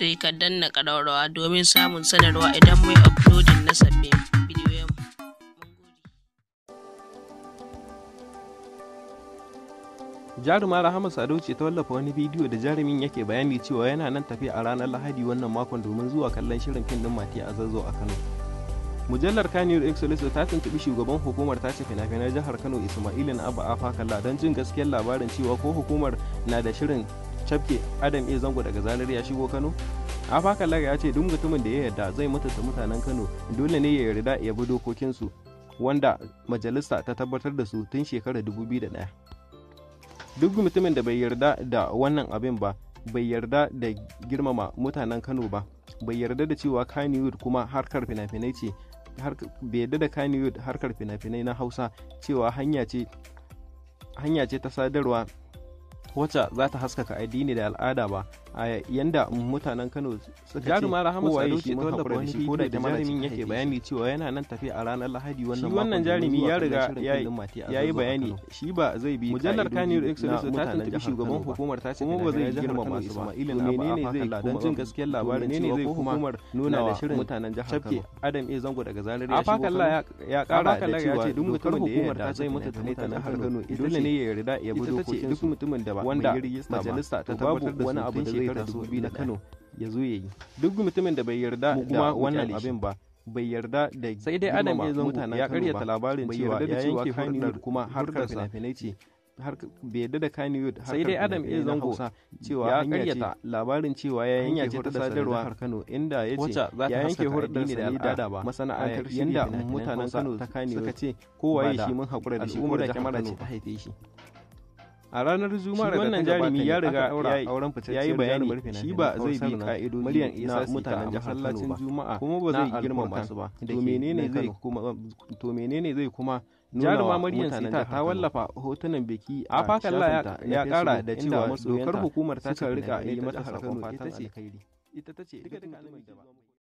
sai ka danna ƙararrawa domin samun sanarwa idan mai uploading na sabbin bidiyoyin. Jaruma Rahama Sadau ce ta wallafa wani bidiyo da jarumin yake bayani cewa yana nan tafi a ranar Lahadi wannan makon domin zuwa kallon shirin fim din Mati a Zazzo a Kano. Mujallar Kaniyar Exodus ta tuntubi shugaban hukumar ta ce fina-finar jihar Kano Ismail na Abba Afakalla don jin gaskiyar labarin cewa ko hukumar na da shirin cafke adam e zango daga zanar ya shigo kano afakallar ya ce duk mutumin da ya yarda zai mutunta mutanen kano dole ne ya yarda ya bi dokokinsu wanda majalisa ta tabbatar da su tun shekarar 2001 duk mutumin da bai yarda da wannan abin ba bai yarda da girmama mutanen kano ba bai yarda da cewa kannywood kuma harkar fina ce bai yarda da kannywood harkar fina na hausa cewa hanya ce ta sadarwa wacce za ta haskaka addini da al'ada ba a yanda mutanen Kano suka ce jaruma Rahama Sado ce ta wallafa wani ko da jarumin yake bayani cewa yana nan tafi a ranar Lahadi wannan wannan jarumi ya riga ya yi bayani shi ba zai bi mujallar Kaniyar Excellence ta tuntubi shugaban hukumar ta ce kuma ba zai girma masu ba ilin menene zai don jin gaskiyar labarin cewa ko hukumar nuna wa mutanen jihar Kano Adam A Zango daga Zaria ya shigo Kano ya kara da cewa duk mutumin da ya yarda zai mutu da mutanen Kano dole ne ya yarda ya bi dokokin duk mutumin da ba. ba wanda majalisa ta tabbatar da wani abin shekarar 2000 da Kano ya zo ya yi duk mutumin da bai yarda da wannan abin ba bai yarda da sai dai adam ya zango ya karyata labarin cewa ya yanke hannun kuma har fina-finai ce bai yarda da Kanye sai dai Adam zo hausa cewa ya karyata labarin cewa ya yanke hurɗar sadarwa Kano inda ya ce ya yanke hurɗar ne da al'ada ba masana'antar yanda mutanen Kano ta Kanye suka ce ya shi mun haƙura da shi kuma da kyamara ce ta haife shi a ranar juma'ar da ta jarumi ya riga aura auren ya yi bayani shi ba zai bi ka'idoji na mutanen masallacin juma'a kuma ba zai girmama su ba to menene zai kuma to menene zai kuma jaruma maryam sita ta wallafa hotunan biki a fakalla ya kara da cewa dokar hukumar ta rika yi mata harkar fatan alkhairi ita ta ce duka duka da ba